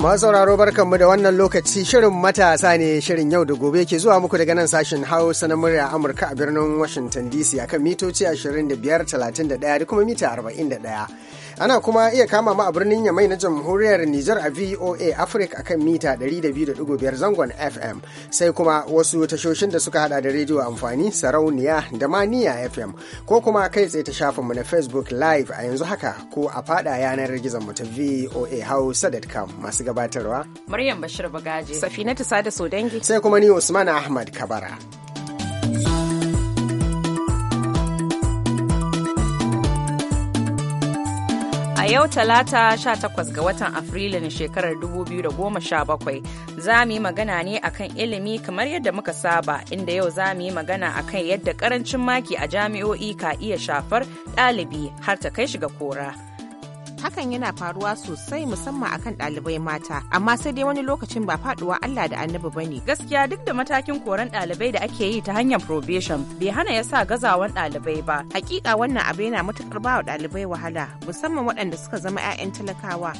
sauraro barkanmu da wannan lokaci shirin matasa ne shirin yau da gobe ke zuwa muku daga nan sashen hausa na murya Amurka a birnin Washington DC akan mitoci 25, 31 da kuma mita 41. Ana kuma iya kama mu a birnin Yamai na Jamhuriyar Nijar a VOA Africa akan mita 200.5 zangon FM sai kuma wasu tashoshin da suka hada da rediyo amfani sarauniya da maniya FM ko kuma kai tsaye ta shafin mu na Facebook Live a yanzu haka ko a fada yanar gizon mu ta VOA Hausa.com masu gabatarwa. Maryam Bashir Bagaje. Safinatu Sada Sodangi. Sai kuma ni Usman Ahmad Kabara. A yau talata 18 ga watan Afrilu na shekarar 2017 za mu yi magana ne akan ilimi kamar yadda muka saba inda yau za mu yi magana akan yadda karancin maki a jami'o'i ka iya shafar ɗalibi har ta kai shi ga kora. hakan yana faruwa sosai musamman akan ɗalibai mata amma sai dai wani lokacin ba faɗuwa Allah da annabi bane gaskiya duk da matakin koran ɗalibai da ake yi ta hanyar probation bai hana yasa gazawan ɗalibai ba hakika wannan abu yana matukar ba wa ɗalibai wahala musamman waɗanda suka zama 'ya'yan talakawa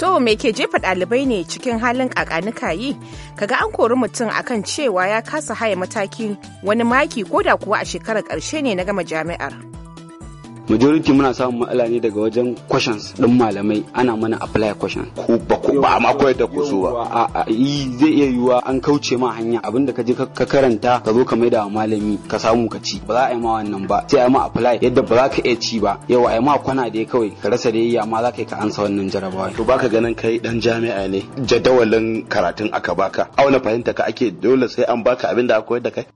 To me ke jefa ɗalibai ne cikin halin ƙaƙanuka yi? Kaga an kori mutum akan cewa ya kasa haya mataki wani maki ko da kuwa a shekarar ƙarshe ne na gama jami'ar. majority muna samun matsala ne daga wajen questions din malamai ana mana apply questions ku ba ku ba ma koyar da ku su ba a zai iya yiwuwa an kauce ma hanya abinda ka je ka karanta ka zo ka maida wa malami ka samu ka ci ba za a yi ma wannan ba sai a yi ma apply yadda ba za ka iya ci ba Yau a yi ma kwana da kawai ka rasa da yayya ma za ka yi ka ansa wannan jarabawa to baka ganin kai dan jami'a ne jadawalin karatun aka baka auna fahimta ka ake dole sai an baka abin da aka koyar da kai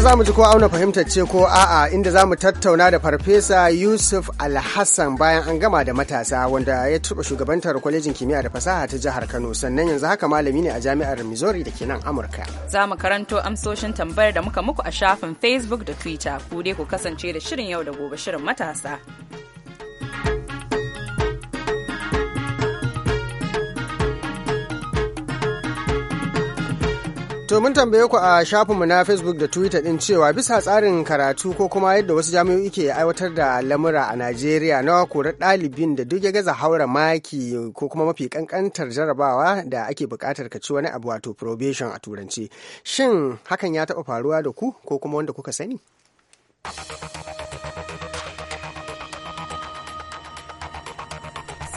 za mu ji ko auna fahimtar ce ko a'a inda za mu tattauna da farfesa Yusuf Alhassan bayan an gama da matasa wanda ya tuba shugabantar kwalejin kimiyya da fasaha ta jihar Kano sannan yanzu haka malami ne a jami'ar Missouri da ke nan Amurka. Za mu karanto amsoshin tambayar da muka muku a shafin Facebook da Twitter ku dai ku kasance da shirin yau da gobe shirin matasa. To mun tambaye ku a shafinmu na Facebook da Twitter ɗin cewa bisa tsarin karatu ko kuma yadda wasu jami'o'i ke aiwatar da lamura a Najeriya na korar ɗalibin da duk ya gaza haura maki ko kuma mafi kankantar jarabawa da ake buƙatar ka ci wani abu wato probation a turanci. Shin hakan ya taɓa faruwa da ku ko kuma wanda kuka sani?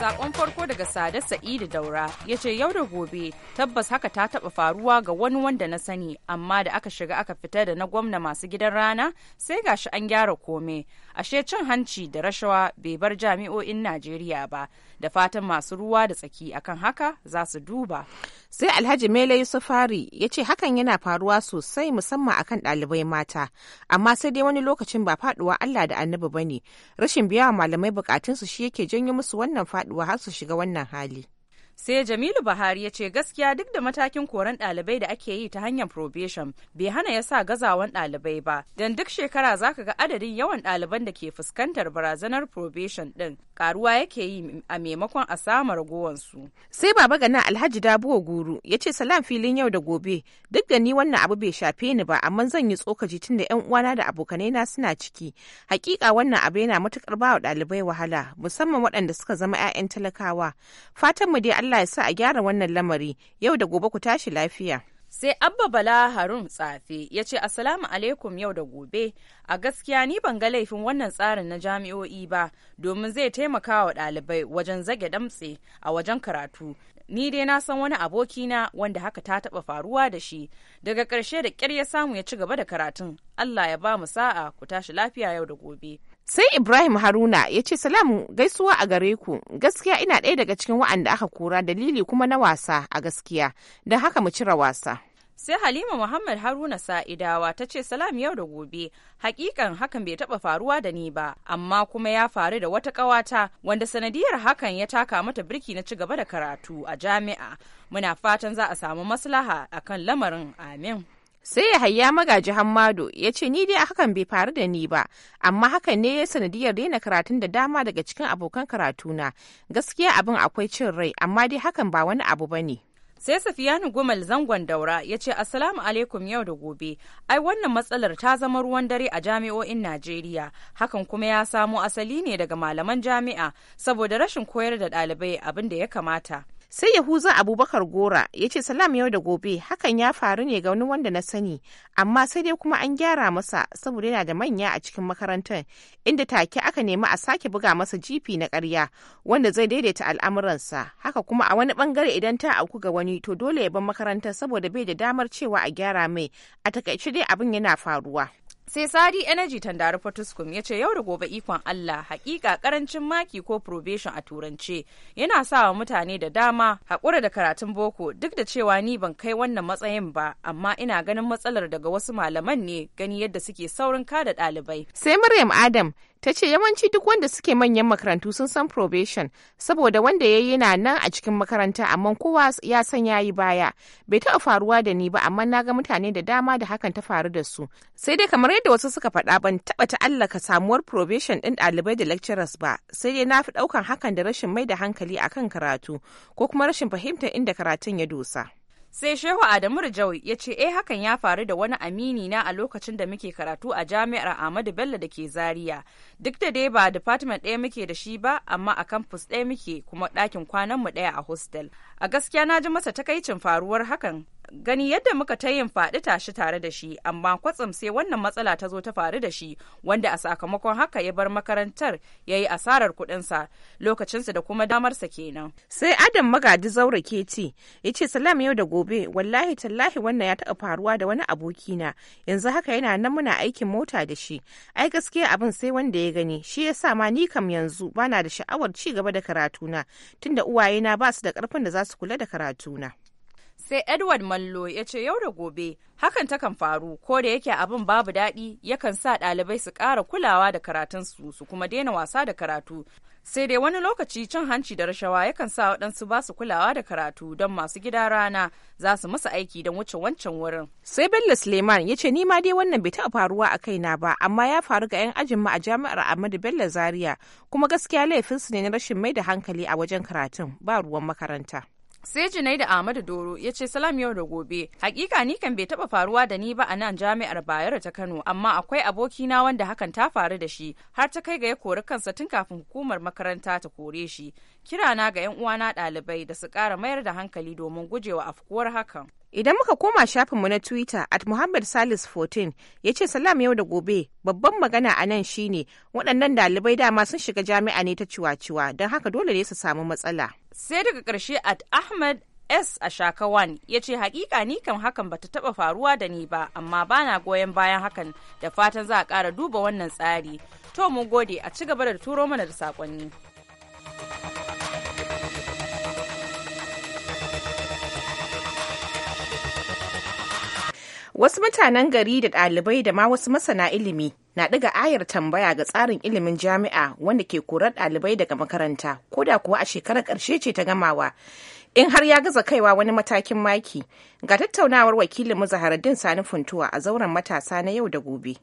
Sakon farko daga Sada Sa'idu Daura ya ce yau da gobe tabbas haka ta taba faruwa ga wani wanda na sani amma da aka shiga aka fita da na gwamna masu gidan rana sai gashi an gyara komai. ashe cin hanci da rashawa bai bar jami'o'in najeriya ba da fatan masu ruwa da tsaki akan haka za su duba sai alhaji mele yusufari ya ce hakan yana faruwa sosai musamman akan ɗalibai mata amma sai dai wani lokacin ba faduwa allah da annabi ba ne rashin biya malamai bukatunsu shi yake janyo musu wannan faduwa har su shiga wannan hali sai jamilu buhari ya ce gaskiya duk da matakin koren ɗalibai da ake yi ta hanyar probation bai hana ya sa gazawan ɗalibai ba don duk shekara za ka ga adadin yawan ɗaliban da ke fuskantar barazanar probation ɗin karuwa yake yi a maimakon a sama ragowansu sai baba gana alhaji dabuwa guru ya ce salam filin yau da gobe duk da ni wannan abu bai shafe ni ba amma zan yi tsokaci tun da yan uwana da abokanai na suna ciki hakika wannan abu yana matukar wa ɗalibai wahala musamman waɗanda suka zama 'ya'yan talakawa fatan mu dai Allah ya sa a gyara wannan lamari yau da gobe ku tashi lafiya. Sai Abba Bala Harun Tsafe ya ce asalamu alaikum yau da gobe a gaskiya ni ban ga laifin wannan tsarin na jami'o'i ba domin zai taimaka wa ɗalibai wajen zage damtse a wajen karatu ni dai na san wani abokina wanda haka ta taɓa faruwa da shi daga ƙarshe da ƙyar ya samu ya ci gaba da karatun allah ya ba mu sa'a ku tashi lafiya yau da gobe Sai Ibrahim Haruna ya ce salamu gaisuwa a gare ku gaskiya ina ɗaya daga cikin wa'anda aka kura dalili kuma na wasa a gaskiya don haka mu cire wasa. Sai Halima Muhammad Haruna Sa'idawa ta ce salam yau da gobe hakikan hakan bai taba faruwa da ni ba amma kuma ya faru da wata kawata wanda sanadiyar hakan ya taka mata birki na ci gaba da karatu a jami'a muna fatan za a samu maslaha akan lamarin amin. sai ya hayya magaji hammado ya ce ni dai hakan bai faru da ni ba amma hakan ne ya sanadiyar daina karatun da dama daga cikin abokan karatuna gaskiya abin akwai cin rai amma dai hakan ba wani abu ba ne sai safiyanu gumal zangon daura ya ce asalamu alaikum yau da gobe ai wannan matsalar ta zama ruwan dare a jami'o'in najeriya hakan kuma ya samo asali ne daga malaman jami'a saboda rashin koyar da ɗalibai abin da ya kamata sai yahuza abubakar gora ya ce salam yau da gobe hakan ya faru ne ga wani wanda na sani amma sai dai kuma an gyara masa saboda yana da manya a cikin makarantar inda take aka nemi a sake buga masa jifi na karya wanda zai daidaita al'amuransa haka kuma a wani bangare idan ta auku ga wani to dole ya bar makarantar saboda bai da damar cewa a gyara mai a takaice dai abin yana faruwa sai sadi energy tandari fortiskum ya ce yau da gobe ikon allah hakika karancin maki ko probation a turance yana sa wa mutane da dama haƙura da karatun boko duk da cewa ni ban kai wannan matsayin ba amma ina ganin matsalar daga wasu malaman ne gani yadda suke saurin kada ɗalibai sai maryam adam ta ce yawanci duk wanda suke manyan makarantu sun san probation saboda wanda ya yi na nan a cikin makaranta amma kowa ya san ya yi baya bai taɓa faruwa da ni ba amma na ga mutane da dama da hakan ta faru da su sai dai kamar yadda wasu suka faɗa ban taɓa ta'allaka samuwar probation ɗin ɗalibai da lecturers ba sai dai na fi ɗaukan hakan da rashin mai da hankali akan karatu ko kuma rashin fahimtar inda karatun ya dosa. sai shehu adamu rijau ya ce eh hakan ya faru da wani amini na a lokacin da muke karatu a jami'ar ahmadu bello da ke zaria duk da dai ba department ɗaya muke da shi ba amma a campus ɗaya muke kuma ɗakin kwananmu ɗaya a hostel a gaskiya na ji masa takaicin faruwar hakan gani yadda muka ta yin faɗi tashi tare da shi amma kwatsam sai wannan matsala ta zo ta faru da shi wanda a sakamakon haka ya bar makarantar ya yi asarar kuɗinsa lokacinsa da kuma damarsa kenan. sai adam magadi zaura keti ya ce salam yau da gobe wallahi tallahi wannan ya taɓa faruwa da wani abokina yanzu haka yana nan muna aikin mota da shi ai gaskiya abin sai wanda ya gani shi ya sa ma ni kam yanzu bana da sha'awar ci gaba da karatuna tunda uwayena ba su da ƙarfin da za su kula da karatuna. sai edward mallo ya ce yau da gobe hakan ta kan faru ko da yake abin babu daɗi yakan sa ɗalibai su ƙara kulawa da karatunsu su kuma daina wasa da karatu sai dai wani lokaci cin hanci da rashawa yakan sa waɗansu ba su kulawa da karatu don masu gida rana za su masa aiki don wuce wancan wurin. sai bello suleiman ya ce ni ma dai wannan bai taɓa faruwa a kaina ba amma ya faru ga 'yan ajin a jami'ar ahmadu bello zaria kuma gaskiya laifinsu ne na rashin mai da hankali a wajen karatun ba ruwan makaranta. sai da Ahmadu Doro ya ce salam yau da gobe hakika ni kan bai taba faruwa da ni ba a nan jami'ar Bayero ta Kano amma akwai abokina wanda hakan ta faru da shi har ta kai ga ya kori kansa tun kafin hukumar makaranta ta kore shi kirana ga yan uwana dalibai da su kara mayar da hankali domin gujewa afkuwar hakan Idan muka koma shafinmu na Twitter at Muhammad Salis 14 ya ce salam yau da gobe babban magana a nan shine waɗannan ɗalibai dama sun shiga jami'a ne ta ciwa-ciwa don haka dole ne su samu matsala. Sai daga ƙarshe at Ahmad S a Shakawan ya ce hakika ni kan hakan bata taɓa faruwa da ni ba amma bana goyon bayan hakan da fatan za a ƙara duba wannan tsari. To mu gode a ci gaba da turo mana da saƙonni. Wasu mutanen gari da ɗalibai da ma wasu masana ilimi na ɗiga ayar tambaya ga tsarin ilimin jami'a wanda ke korar ɗalibai daga makaranta ko da kuwa a shekarar ƙarshe ce ta gamawa in har ya gaza kaiwa wani matakin maki ga tattaunawar wakilin mu zaharaddin sani funtuwa a zauren matasa na yau da gobe.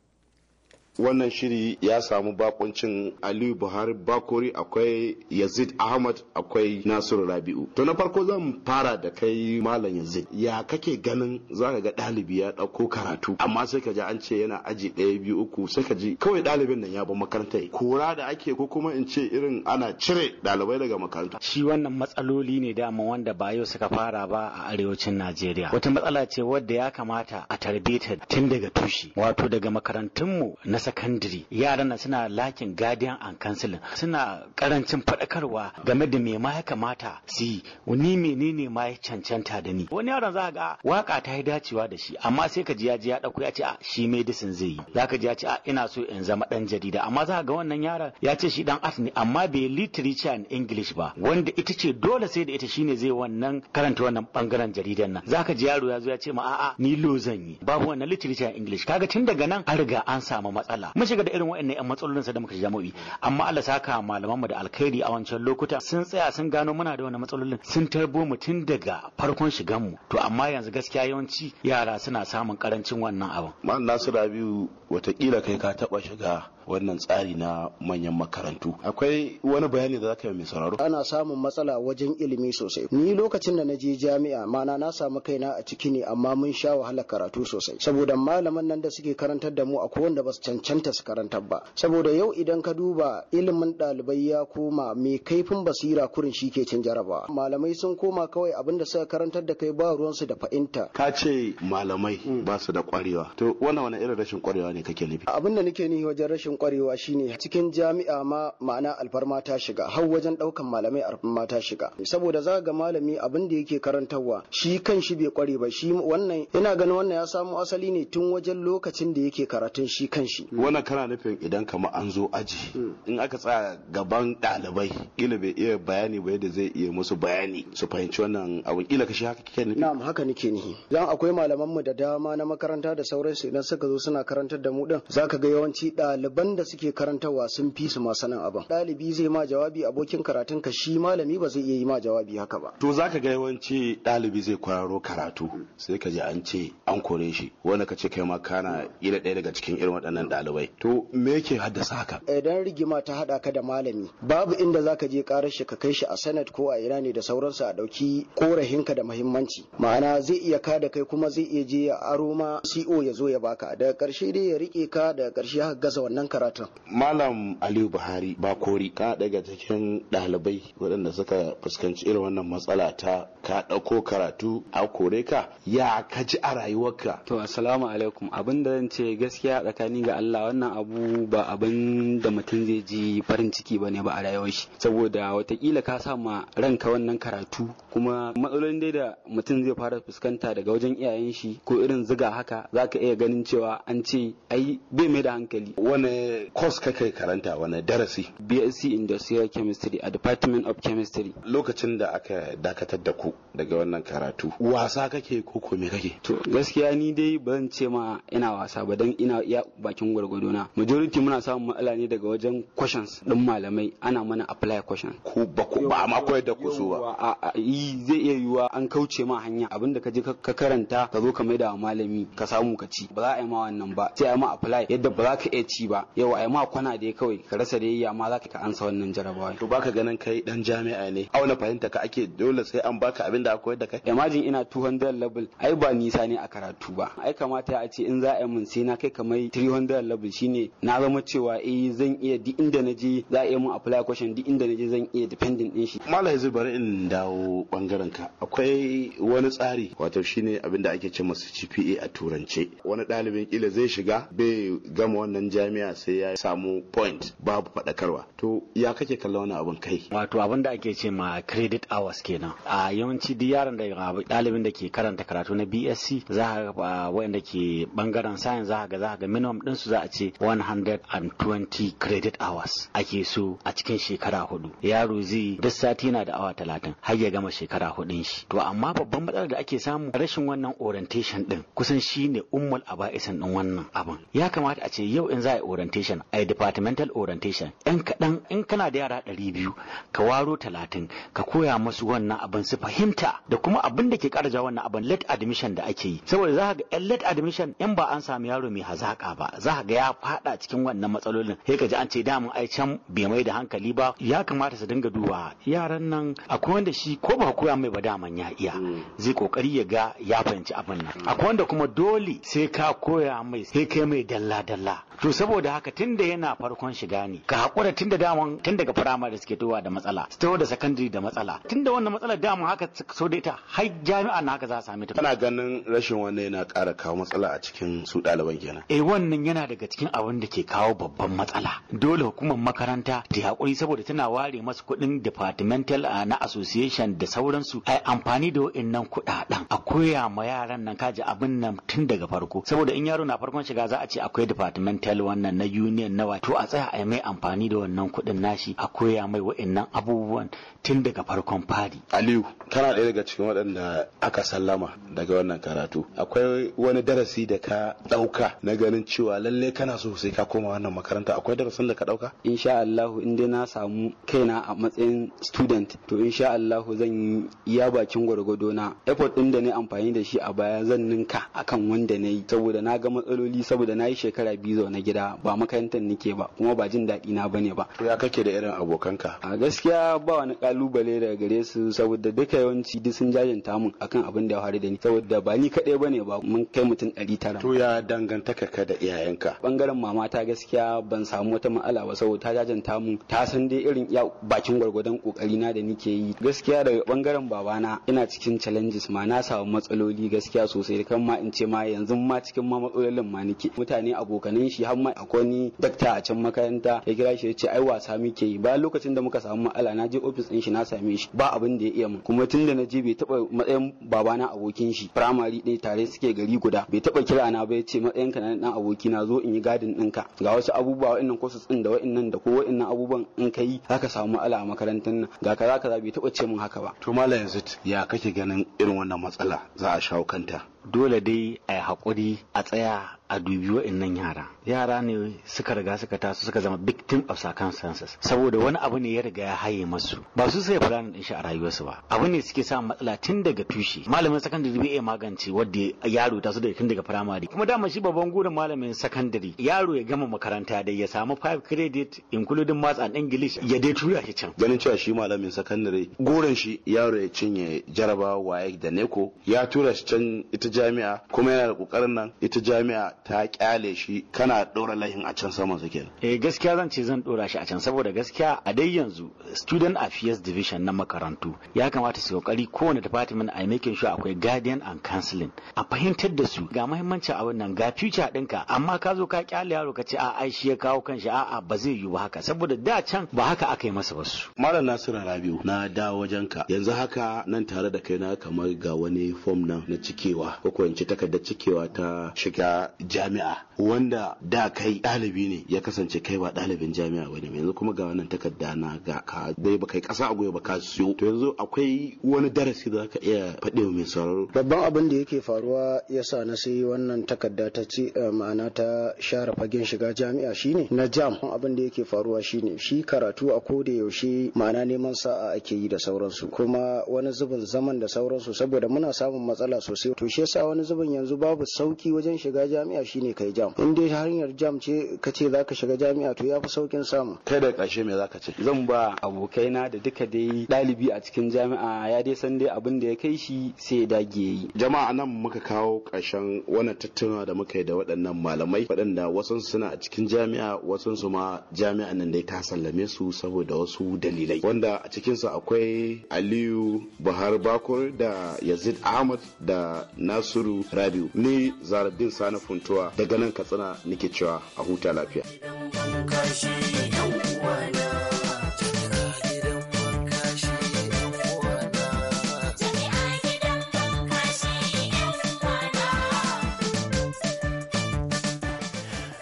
wannan shiri ya samu bakuncin aliyu buhari bakori akwai yazid ahmad akwai nasiru rabi'u to na farko zan fara da kai malam yazid ya kake ganin zaka ga ɗalibi ya ɗauko karatu amma sai ka ji an ce yana aji daya biyu uku sai ka ji kawai ɗalibin nan ya bar makaranta kora da ake ko kuma in ce irin ana cire ɗalibai daga makaranta shi wannan matsaloli ne dama wanda ba yau suka fara ba a arewacin najeriya wata matsala ce wadda ya kamata a tarbe ta tun daga tushe wato daga makarantunmu na sakandare yaran suna lakin guardian and counseling suna karancin faɗakarwa game da me ma ya kamata su yi ni menene ma ya cancanta da ni wani yaron za ga waka ta yi dacewa da shi amma sai ka ji ya ji ya dauko ya ce a shi medicine zai yi za ka ji ya ce a ina so in zama ɗan jarida amma za ga wannan yaron ya ce shi dan art ne amma bai literature and english ba wanda ita ce dole sai da ita shine zai wannan karanta wannan bangaren jaridan nan za ka ji yaro ya zo ya ce ma a'a ni lo zan yi babu wannan literature and english kaga tun daga nan an riga an samu matsala matsala mun shiga da irin wa'annan yan matsalolin sa da muka jami'i amma Allah saka malaman mu da alkhairi a wancan lokuta sun tsaya sun gano muna da wannan matsalolin sun tarbo mu tun daga farkon shigan mu to amma yanzu gaskiya yawanci yara suna samun karancin wannan abin man Nasiru Abiyu watakila kai ka taba shiga wannan tsari na manyan makarantu akwai wani bayani da zaka yi mai sauraro ana samun matsala wajen ilimi sosai ni lokacin da na je jami'a mana na samu kaina a ciki ne amma mun sha wahala karatu sosai saboda malaman nan da suke karantar da mu a wanda ba su cancanta su karantar ba saboda yau idan ka duba ilimin ɗalibai ya koma mai kaifin basira kurin shi ke cin jarabawa malamai sun koma kawai abin da suka karantar da kai ba ruwansu da fa'inta ka ce malamai ba su da kwarewa to wannan wani irin rashin kwarewa ne kake nufi abin da nake nihi wajen rashin kwarewa shine cikin jami'a ma ma'ana alfarma ta shiga har wajen daukan malamai alfarma ta shiga saboda za ga malami abin da yake karantarwa shi kan shi bai kware ba shi wannan ina ganin wannan ya samu asali ne tun wajen lokacin da yake karatun shi kan shi wannan kana nufin idan kama an zo aji hmm. in aka tsaya gaban ɗalibai kila bai iya bayani ba yadda zai iya musu bayani su fahimci wannan abin kila ka shi haka kike ne na'am haka nake ni. dan akwai malaman mu da dama na makaranta da sauransu idan suka zo suna karantar da mu din zaka ga yawanci ɗaliban waɗanda suke karantarwa sun fi su masu sanin abin ɗalibi zai ma jawabi abokin karatun ka shi malami ba zai iya yi ma jawabi haka ba to zaka ga yawanci ɗalibi zai kwararo karatu sai ka ji an ce an kore shi wanda ka ce kai ma kana ila ɗaya daga cikin irin waɗannan ɗalibai to me yake haddasa haka idan rigima ta haɗa ka da malami babu inda zaka je karar shi ka kai shi a sanat ko a ina ne da sauransu a ɗauki korahinka da muhimmanci ma'ana zai iya ka da kai kuma zai iya je ya aro ma CO e ya zo ya baka daga ƙarshe dai ya riƙe ka daga ƙarshe haka gaza wannan karatun malam aliyu buhari ba kori ka daga cikin ɗalibai waɗanda suka fuskanci irin wannan matsala ta ka ɗauko karatu a kore ka ya ka ji a rayuwarka to assalamu alaikum abin da zan ce gaskiya tsakani ga Allah wannan abu ba abin da mutum zai ji farin ciki ba ne ba a rayuwar shi saboda watakila ka sa ma ranka wannan karatu kuma matsalolin dai da mutum zai fara fuskanta daga wajen iyayen shi ko irin ziga haka za ka iya ganin cewa an ce ai bai mai da hankali wannan kos ka karanta wani darasi BSc Industrial Chemistry a Department of Chemistry lokacin da aka dakatar da ku daga wannan karatu wasa kake ko ko me kake to gaskiya ni dai ban ce ma ina wasa ba dan ina iya bakin gwargwado na majority muna samun matsala ne daga wajen questions din malamai ana mana apply question ko ba ku ba ma koyar da ku so ba zai iya yiwuwa an kauce ma hanya Abin da ka je ka karanta ka zo ka maida wa malami ka samu ka ci ba za a yi ma wannan ba sai a ma apply yadda ba za ka iya ci ba yau ai ma kwana dai kawai ka rasa dai ya ma za ka ansa wannan jarabawa to baka ganin kai dan jami'a ne auna fahimta ka ake dole sai an baka abin da aka da kai imagine ina 200 level ai ba nisa ne a karatu ba ai kamata a ce in za a yi mun sai na kai kamar 300 level shine na zama cewa eh zan iya duk inda na je za a yi mun apply question duk inda na je zan iya dependent din shi malam yanzu bari in dawo bangaren ka akwai wani tsari wato shine abin da ake ce masa GPA a turance wani ɗalibin kila zai shiga bai gama wannan jami'a sai ya samu point babu faɗakarwa to ya kake kallon wani abin kai wato abin da ake ce ma credit hours kenan a yawanci duk yaron da ɗalibin da ke karanta karatu na BSc za ka ga waɗanda ke bangaren science za a ga za a ga minimum din su za a ce 120 credit hours ake so a cikin shekara hudu yaro zai duk sati na da awa talatin har ya gama shekara hudun shi to amma babban matsalar da ake samu rashin wannan orientation din kusan shine ummul aba'isan din wannan abin ya kamata a ce yau in za a yi orientation a departmental orientation yan kaɗan in kana da yara ɗari biyu ka waro talatin ka koya musu wannan abin su fahimta da kuma abin da ke ƙarja wannan abin late admission da ake yi saboda za ka ga yan late admission in ba an samu yaro mai hazaƙa ba za ka ga ya faɗa cikin wannan matsalolin sai ka ji an ce damun ai can bai mai da hankali ba ya kamata su dinga duba yaran nan akwai wanda shi ko ba koya mai ba daman ya iya hmm. zai kokari ya ga ya fahimci abin nan akwai wanda kuma dole sai ka koya mai sai kai mai dalla dalla to saboda haka tunda yana farkon shiga ne ka hakura tunda daman tun daga firamare suke towa da matsala su da sakandare da matsala tunda wannan matsalar daman haka so da ita har jami'a na haka za a sami ta kana ganin rashin wannan yana ƙara kawo matsala a cikin su ɗaliban kenan eh wannan yana daga cikin abin da ke kawo babban matsala dole hukumar makaranta ta hakuri saboda tana ware masu kuɗin departmental ah, na association da sauransu ai amfani da wa'annan kuɗaɗen a koya ma yaran nan kaji abin nan tun daga farko saboda in yaro na farkon shiga za a ce akwai departmental hotel wannan na union nawa to a tsaya a mai amfani da wannan kuɗin nashi a koya mai wa'annan abubuwan tun daga farkon fari. Aliyu kana ɗaya daga cikin waɗanda aka sallama daga wannan karatu akwai wani darasi da ka ɗauka na ganin cewa lalle kana so sai ka koma wannan makaranta akwai darasin da ka ɗauka? Insha Allah in dai na samu kaina a matsayin student to insha Allah zan iya bakin gwargwado na effort ɗin da ni amfani da shi a baya zan ninka akan wanda na yi saboda na ga matsaloli saboda na yi shekara biyu zaune na gida ba makarantar nake ba kuma ba jin daɗi na bane ba ya kake da irin abokanka a gaskiya ba wani kalubale daga gare su saboda duka yawanci duk sun jajanta mun akan abin da ya faru da ni saboda ba ni kaɗai bane ba mun kai mutum ɗari tara to ya dangantaka ka da iyayenka bangaren mama ta gaskiya ban samu wata ma'ala ba saboda ta jajanta mun ta san dai irin iya bakin gwargwadon kokari na da nike yi gaskiya daga bangaren babana ina cikin challenges ma na samu matsaloli gaskiya sosai kan ma in ce ma yanzu ma cikin ma matsalolin ma nike mutane abokanan shi har mai akwai ni dakta a can makaranta ya kira shi ya ce ai wasa muke yi bayan lokacin da muka samu matsala na je ofis ɗin shi na same shi ba abin da ya iya mun kuma tun da na je bai taba matsayin babana abokin shi primary ɗaya tare suke gari guda bai taba kira na ba ya ce matsayin ka na dan aboki na zo in yi gadin ɗinka ga wasu abubuwa wa'annan courses din da wa'annan da ko wa'annan abubuwan in ka yi zaka samu matsala a makarantar nan ga kaza kaza bai taba ce mun haka ba to malam yanzu ya kake ganin irin wannan matsala za a shawo kanta dole dai a yi haƙuri a tsaya a dubi wa'annan yara yara ne suka riga suka taso suka zama victim of circumstances saboda wani abu ne ya riga ya haye masu ba su sai fara din shi a rayuwarsu ba abu ne suke sa matsala tun daga tushe malamin sakandare bai iya magance wanda yaro ta su da tun daga firamare kuma dama shi babban gurin malamin sakandare yaro ya gama makaranta dai ya samu five credit including maths and english ya dai tura shi can ganin cewa shi malamin secondary gurin shi yaro ya cinye jarabawa waye da neko ya tura shi can ita jami'a kuma yana da kokarin nan ita jami'a ta kyale shi kana dora lahin a can saman su kenan eh gaskiya zan ce zan dora shi a can saboda gaskiya a dai yanzu student affairs division na makarantu ya kamata su kokari kowane department a making sure akwai guardian and counseling a fahimtar da su ga muhimmancin abin nan ga future ka, amma ka zo ka kyale yaro ka ce a ai shi ya kawo kanshi a'a ba zai yiwu ba haka saboda da can ba haka aka yi masa ba su malam nasiru rabiu na da wajenka yanzu haka nan tare da kai na kamar ga wani form nan na cikewa ko ko in ce takardar cikewa ta shiga jami'a wanda da kai ɗalibi ne ya kasance kai ba ɗalibin jami'a ba ne yanzu kuma ga wannan takarda na ga ka dai ba kai ƙasa a goyo ba ka siyo to yanzu akwai wani darasi da zaka iya faɗi mai sauraro babban abin da yake faruwa yasa na sai wannan takarda ta ci eh, ma'ana ta share fagen shiga jami'a shine na jam abin da yake faruwa shine shi karatu a ko da yaushe ma'ana neman sa'a ake yi da sauransu kuma wani zubin zaman da sauransu saboda muna samun matsala sosai to shi yasa wani zubin yanzu babu sauki wajen shiga jami'a shine kai jam jam in dai hanyar jam ce ka ce za ka shiga jami'a to ya fi saukin samu kai da ƙarshe me za ka ce zan ba abokaina da duka dai ɗalibi a cikin jami'a ya dai san dai abin da ya kai shi sai ya dage yi jama'a nan muka kawo ƙarshen wannan tattaunawa da muka yi da waɗannan malamai waɗanda wasu suna a cikin jami'a wasu su ma jami'an nan dai ta sallame su saboda wasu dalilai wanda a cikinsu akwai aliyu buhar bakur da yazid ahmad da nasiru rabiu ni zaradin sani funtuwa daga nan katsina nake cewa a huta lafiya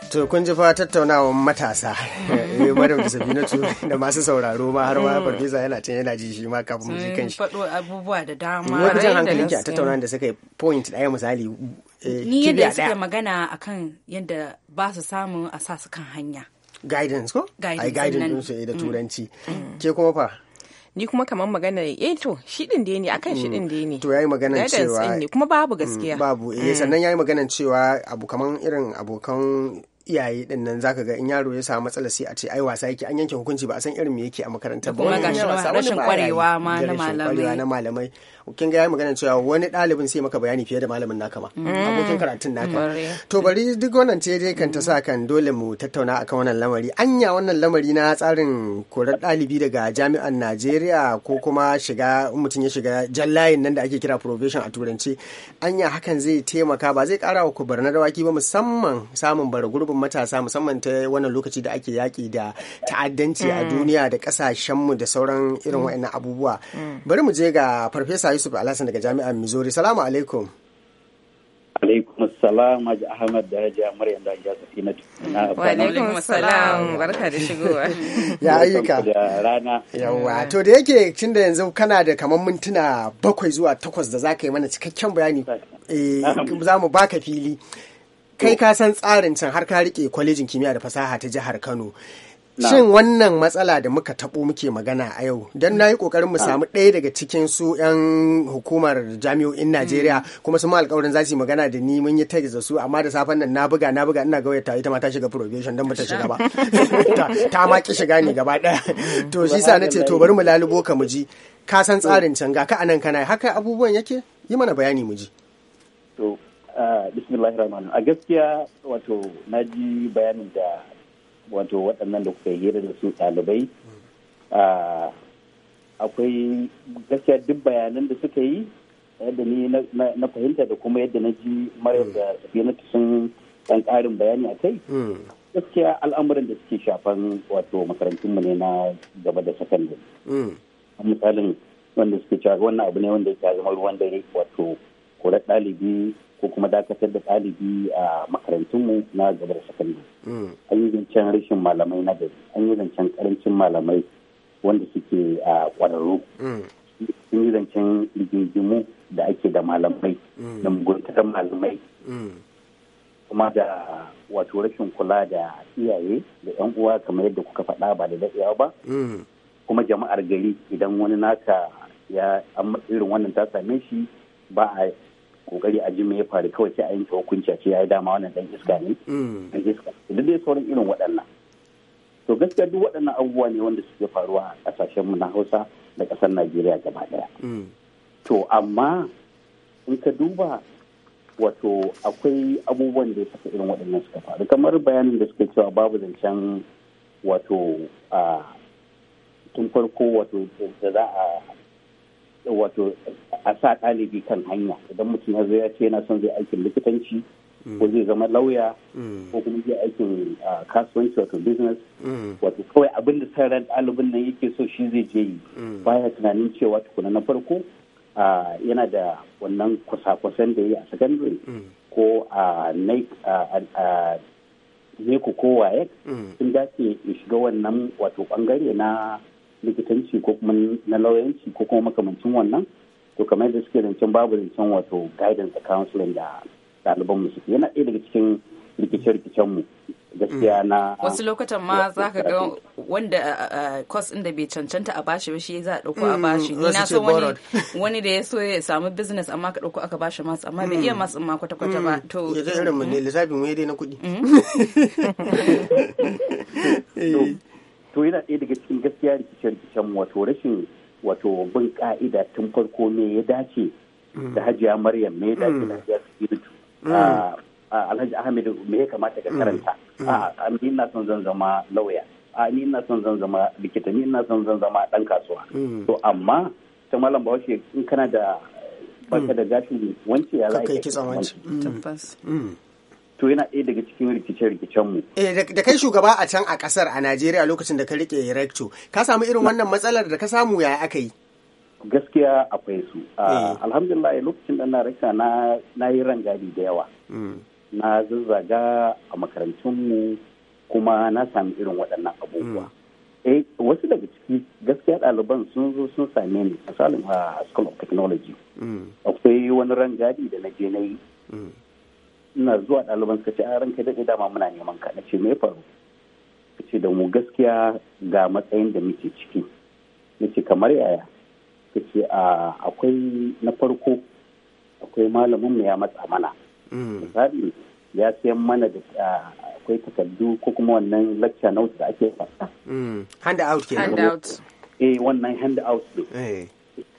to kun ji fa tattaunawa matasa eh, madam da sabinatu da masu sauraro ma har ma hmm. farfesa yana can yana ji shi ma kafin mu ji kan shi faɗo abubuwa da dama wani jan hankalin ki a tattaunawa da suka yi point ɗaya misali Eh, ni yadda suke magana akan yadda ba su samun a sa su kan hanya guidance ko ai guidance yi eh, da mm. turanci mm. ke kuma fa ni kuma kamar magana eh to shi din da ne akan shi din mm. da ne to yayi magana cewa Guidance ne, kuma babu gaskiya babu eh sannan yayi magana cewa abu kaman irin abokan iyaye din nan zaka ga in yaro ya samu matsala sai a ce ai wasa yake an yanke hukunci ba a san irin me yake a makarantar ba wani wasa rashin kwarewa ma na malamai na malamai kin ga ya magana cewa wani dalibin sai maka bayani fiye da malamin naka ma mm. abokin karatun naka to bari duk wannan ce dai kan ta sa kan dole mu tattauna akan wannan lamari anya wannan lamari na tsarin korar dalibi daga jami'an Najeriya ko kuma shiga mutum ya shiga jan layin nan da ake kira probation a turanci anya hakan zai taimaka ba zai kara wa kubarnar dawaki ba musamman samun bara gurbin matasa musamman ta wannan lokaci da ake yaƙi da ta'addanci a mm. duniya da ƙasashenmu da sauran irin mm. wa'annan abubuwa mm. bari mu je ga farfesa yusuf alhassan daga jami'ar missouri salamu alaikum alaikum salam haji ahmad da haji maryam da haji safinatu na wa alaikum salam barka da shigowa ya ayyuka da rana yawa to da yake kin da yanzu kana da kamar mintuna bakwai zuwa takwas da zaka yi mana cikakken bayani eh za mu baka fili kai ka san tsarin can har ka rike kwalejin kimiyya da fasaha ta jihar Kano. Shin wannan matsala da muka taɓo muke magana a yau, don na yi ƙoƙarin mu samu ɗaya daga cikin su 'yan hukumar jami'o'in Najeriya mm. kuma sun alƙawarin za su yi magana da ni mun yi ta da su amma da safen nan na buga na buga ina gawayata ita ma ta shiga probation don ba ta shiga ba. Ta ma ki shiga ne gaba ɗaya. Mm. To shi sa na ce to bari mu lalubo ka mu ji. Ka san mm. tsarin can ga ka anan kana haka abubuwan yake? Yi mana bayani mu ji. Ah, bismillahir rahmanir a gaskiya wato na ji bayanin da wato waɗannan da kuka hira da su ɗalibai ah, akwai gaskiya duk bayanan da suka yi yadda ni na fahimta da kuma yadda na ji marar da safinatu sun ɗan ƙarin bayani a kai hmm. gaskiya al'amuran da suke shafan wato makarantunmu ne na gaba da sakandare hmm. misalin wanda suke cewa wannan abu ne wanda ya zama ruwan dare wato korar ɗalibi ko kuma dakatar da ɗalibi a makarantunmu na gabar sakandu. Hmm. An yi zancen rashin malamai na gari, an yi zancen karancin malamai wanda suke a ƙwararru. Hmm. An yi zancen rigingimu da ake da malamai, hmm. da muguntar malamai. Kuma da wato rashin kula da iyaye da 'yan uwa kamar yadda kuka faɗa ba da daɗewa ba. Kuma jama'ar gari idan wani naka ya irin wannan ta same shi ba a kokari a ji me ya faru kawai sai a yanke hukunci ce ya yi dama wannan dan iska ne dan mm. iska duk dai sauran irin waɗannan to gaskiya duk waɗannan abubuwa ne wanda suke faruwa a ƙasashen mu na Hausa da ƙasar Najeriya gaba ɗaya mm. to amma in ka duba wato akwai abubuwan da suka irin waɗannan suka faru kamar bayanin da suka cewa babu zancen wato a ah, tun farko wato da za a wato a sa ɗalibi kan hanya idan mutum ya zo ya ce yana son zai aikin likitanci mm. ko zai zama lauya mm. ko kuma zai aikin kasuwanci wato business mm. wato kawai abin da san ɗalibin nan yake so shi zai je yi baya tunanin cewa tukuna na farko yana da wannan kwasa-kwasan da ya yi a secondary ko a neko ko waye sun dace ya shiga wannan wato bangare na likitanci ko kuma na lauyanci ko kuma makamancin wannan to kamar da suke zancen babu zancen wato guidance counseling da ɗaliban mu suke yana ɗaya daga cikin rikice-rikicen mu gaskiya mm. na wasu lokutan ma za ka ga wanda kwas ɗin da bai cancanta a bashi ba shi za a ɗauko a mm, bashi ni na so wani wani da ya so ya samu business amma ka ɗauko aka bashi masu amma bai iya mm. masu ma kwata-kwata ba to ya zai irin mu ne lissafin mu dai na kuɗi eh. to yana ɗaya daga cikin gaskiya rikice-rikicen wato rashin wato bin ka'ida tun farko ne mm. ya dace da mm. hajiya maryam ne ya dace da hajiya spiritu alhaji ahmed me ya kamata ka mm. karanta a ah, ah, ni ina son zan zama lauya a ah, ni ina son zan zama likita ni ina son zan zama dan kasuwa to amma ta malam bahaushe in kana da baka da gashin wance ya za ka yi kitsa wance tabbas to yana ɗaya daga cikin rikice-rikicen mu. eh da kai shugaba a can a ƙasar a Najeriya lokacin da ka rike Recto, ka samu irin wannan matsalar da ka samu yaya aka yi? Gaskiya akwai su. Ah, eh. Alhamdulillah lokacin da na rika na yi rangadi da yawa. Hmm. Na zazzaga a makarantunmu kuma na sami irin waɗannan abubuwa. Hmm. Eh, wasu daga ciki gaskiya ɗaliban sun zo sun same ni misalin a School of Technology. Hmm. Akwai wani rangadi da na je na yi. ina zuwa ɗaliban suka ce a ranka daɗe dama muna neman ka na ce me faru ka ce da mu gaskiya ga matsayin da muke ciki na ce kamar yaya ka ce akwai na farko akwai malamin mu ya matsa mana mm. misali ya sayan mana da akwai takardu ko kuma wannan lecture note da ake fata mm. hand out ke hand out eh wannan hand out ne eh.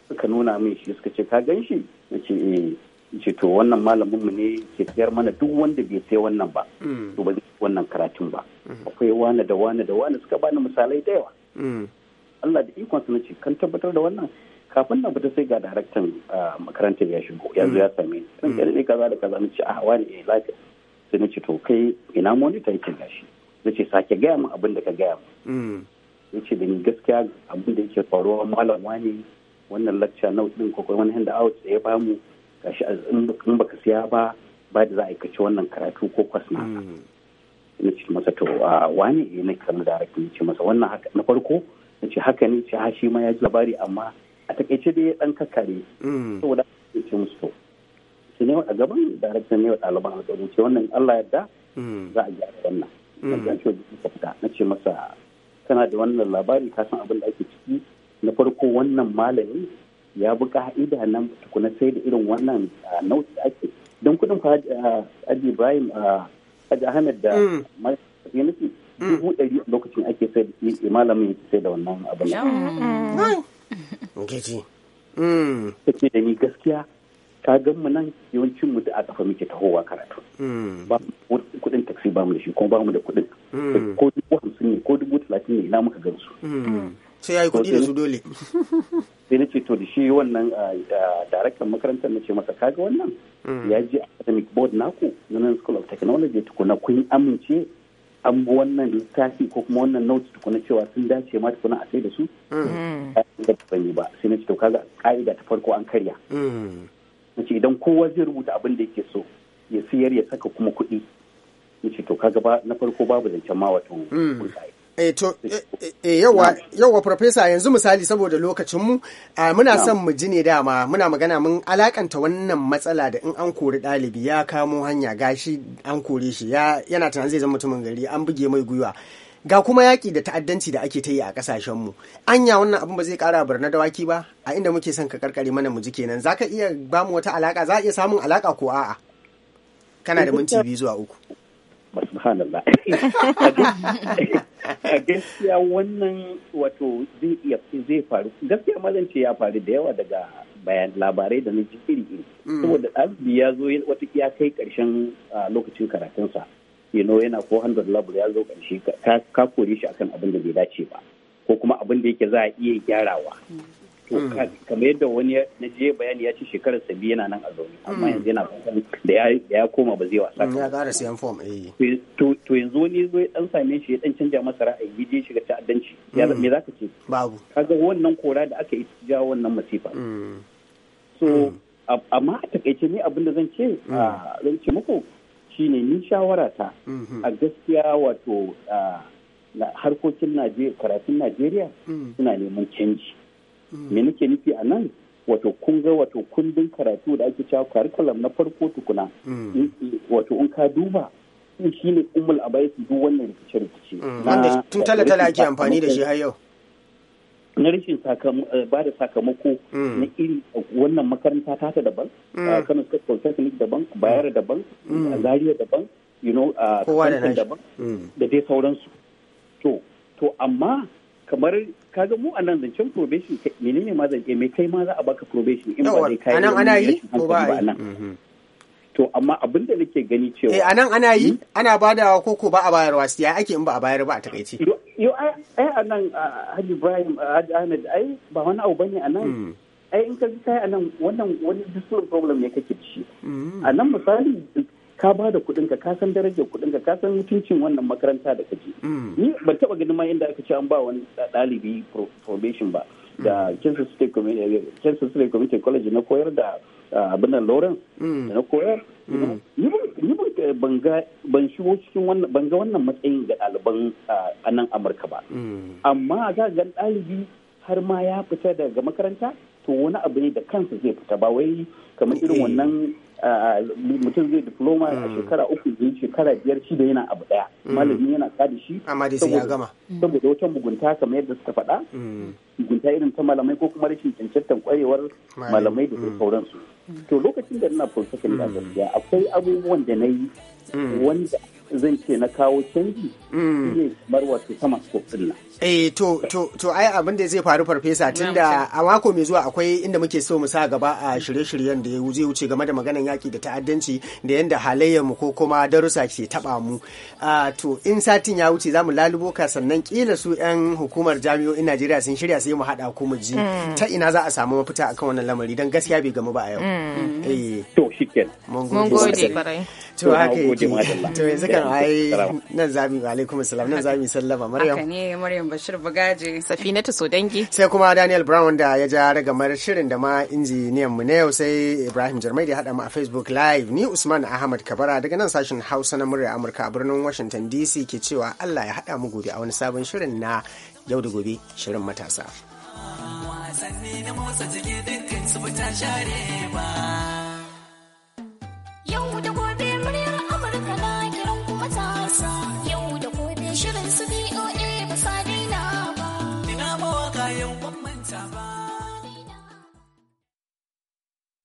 suka nuna min shi suka ce ka gan shi na ce eh ce to wannan malamin mu ne ke sayar mana duk wanda bai sai wannan ba mm. to ba zai wannan karatun ba mm. akwai wani da wani da wani suka bani misalai da yawa mm. Allah da ikon na ce kan tabbatar da wannan kafin na fita sai ga daraktan makarantar ya shigo ya zo ya same ni kan kare kaza da kaza nace a ah, wani eh lafiya sai nace to kai ina monitor yake gashi nace sake gaya min abin da ka gaya mu yace da ni gaskiya abin da yake faruwa malam wani wannan lecture na din ko wani hand out da ya bamu gashi in ba ka siya ba ba da za a aikace wannan karatu ko kwas na hmm. na ce masa to a wani eh, ne na kalli da harafin ce masa wannan haka na farko na ce haka ne ce ha shi ma ya ji labari amma a takaice dai ya dan kakare hmm. saboda ya ce musu to shi ne a gaban daraktan ne wa ɗaliban a tsoron ce wannan Allah yadda hmm. za a gyara wannan na ce na ce masa kana da wannan labari ka san abin da ake ciki na farko wannan malami ya bi ka'ida nan tukuna sai da irin wannan nauti ake don kudin fa Aji Ibrahim Aji Ahmed da Yunus mm. mm. dubu ɗari lokacin ake sai da malamin sai da wannan abin. Mm. Gaji. Take da ni gaskiya ka gan nan yawancin mu da a kafa muke tahowa karatu. Ba kudin taksi ba mu da shi kuma ba mu da kudin. Ko dubu hamsin ne ko dubu talatin ne na muka gan su. Sai ya yi kudi da su dole. da shi wannan ah, daraktan makarantar na ce masa kaga wannan mm. ya ji academic board naku na nan school of technology tukuna kun amince an bi wannan littafi ko kuma wannan notes tukuna cewa sun dace ma tukuna a sai da su da mm. ban ba sai na ce to kaga ka'ida ta farko an karya mm. na ce idan kowa zai rubuta abin da yake so ya siyar ya saka kuma kuɗi na ce to kaga na farko babu zancen ma wato kun Eh, to, eh, eh, eh, yawa, Profesa yanzu misali saboda lokacinmu ah, muna son mu ji ne dama muna magana mun alakanta wannan matsala da in an kori ɗalibi ya kamo hanya gashi an kore shi yana tunanin zai zama mutumin gari an buge mai gwiwa. Ga kuma yaƙi da ta'addanci da ake ta yi a ƙasashenmu. Anya wannan abin ba zai ƙara na dawaki ba a inda muke son ka karkare mana mu ji kenan. Za ka iya bamu wata alaka za a iya samun alaka ko a'a? Kana da minti biyu zuwa uku. subhanallah a gaskiya wannan wato zai iya zai faru gaskiya mazance ya faru da yawa daga bayan labarai da na ji iri iri mm. saboda ɗalibi ya zo wata ya kai ƙarshen lokacin karatunsa yano yana ko 100 level ya zo ƙarshe ka kore shi akan abin da bai dace ba ko kuma abin da yake za a iya gyarawa mm. to mm. kamar yadda wani na je bayani ya ce shekarar sa biyu yana nan a zaune amma mm. yanzu yana da ya koma ba zai wasa mm, ya gara siyan form eh to yanzu wani zo ya dan same shi ya dan canja masara a yi je shiga ta'addanci ya me zaka ce babu kaga wannan kora da aka yi ja wannan masifa so amma a takaice ni abinda zan ce zan ce muku shine ni shawara ta mm-hmm. a gaskiya wato harkokin karatun Najeriya suna neman canji. me nake nufi a nan wato kun ga wato kundin karatu da ake cewa curriculum na farko tukuna mm. wato in ka duba shi ne umul abaiti duk wannan rikice rikice mm. wanda tun talatala ake amfani da shi har yau na rashin eh, ba da sakamako mm. na iri wannan makaranta ta ta daban kano state polytechnic daban bayar daban zaria daban you know daban da dai sauransu to to amma kamar kaga mu a nan zancen probation menene ma zance mai kai ma za a baka probation in ba dai kai anan ana yi ko ba a yi to amma abin da nake gani cewa eh anan ana yi hmm? ana badawa ko ko ba a bayarwa su ya ake in ba a bayar ba a takaice yo ai anan Haji Ibrahim Haji Ahmed ai ba wani abu bane anan hmm. ai in ka ji sai anan wannan wani different problem ne kake ci hmm. anan misali ka ba da kuɗin ka san darajar kuɗin ka ka san mutuncin wannan makaranta da kaje mm. ni ba taba ganin ma inda aka ce an ba wani dalibi probation ba mm. da eh, Kansas State Community College na koyar da ah, abin nan Lawrence mm. na koyar ni eh, ban ga ban shigo cikin wannan ban ga wannan matsayin ga ɗaliban ah, a nan Amurka ba amma ga dalibi har ma ya fita daga makaranta to wani abu ne da kansa zai fita ba wai kamar irin wannan mutum zai diploma a mm. shekara uku zai shekara biyar shi da yana abu daya mm. malamin yana kada shi saboda wata mugunta kamar yadda suka faɗa mm. mugunta irin ta malamai ko kuma rashin cancantar kwarewar malamai da sauransu to lokacin da ina full da gaskiya akwai abubuwan da na yi wanda zan ce na kawo canji mm. ne kamar wato sama kofin nan. Eh to to to ai abin da zai faru farfesa tunda a mako mai zuwa akwai inda muke so mu sa gaba a shirye-shiryen da zai wuce game da maganan yaki da ta'addanci da yanda halayyar mu ko kuma darussa ke taba mu. to in satin ya wuce zamu lalubo ka sannan kila su yan hukumar jami'o'in Najeriya sun shirya sai mu hada ku mu ji mm. ta ina za a samu mafita akan wannan lamari dan gaskiya bai gamu ba a yau. Mm. Eh to shikenan. Mun gode. Mun To haka yake. To yanzu kan ai nan zami wa alaikum salam nan zami sallama maryam haka ne maryam bashir bugaje safina ta sodangi sai kuma daniel brown da ya ja ragamar shirin da ma injiniyan mu ne yau sai ibrahim jarmai da ya hada mu a facebook live ni usman ahmad kabara daga nan sashin hausa na murya amurka a birnin washington dc ke cewa allah ya hada mu gobe a wani sabon shirin na yau da gobe shirin matasa wasanni na motsa jiki dukkan su ba share ba yau da gobe muryar